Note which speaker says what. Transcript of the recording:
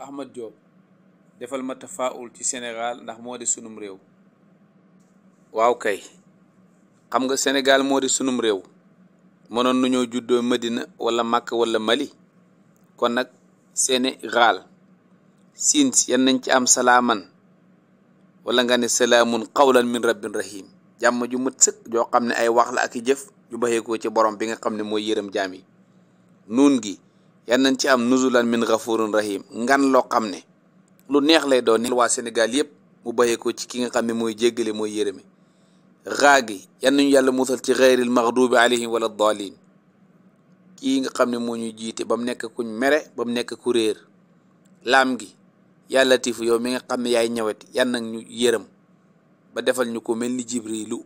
Speaker 1: Ahmad Diop defal ma tafaul ci Sénégal ndax moo di sunum réew waaw kay xam nga Sénégal moo di sunum réew mënoon nañoo juddoo Medina wala Màkk wala Mali kon nag Sénégal siin yan nañ ci am salaaman wala nga ne salaamun qawlan min rabbin rahim jàmm ju mët sëkk joo xam ne ay wax la ak i jëf ju baxeekoo ci borom bi nga xam ne mooy yërëm jaam yi nuun gi yan nañ ci am nuzulan min ghafurin rahim ngan loo xam ne lu neex lay doon waa Sénégal yëpp mu bàyyee ko ci ki nga xam ne mooy jéggale mooy yërëme raa gi yan nañu yàlla musal ci xayril maxdubi alayhim wala dalin kii nga xam ne moo ñu jiite ba mu nekk kuñ mere ba mu nekk ku réer laam gi yàlla tifu yow mi nga xam ne yaay ñëwati yan nag ñu yërëm ba defal ñu ko mel ni jibrilu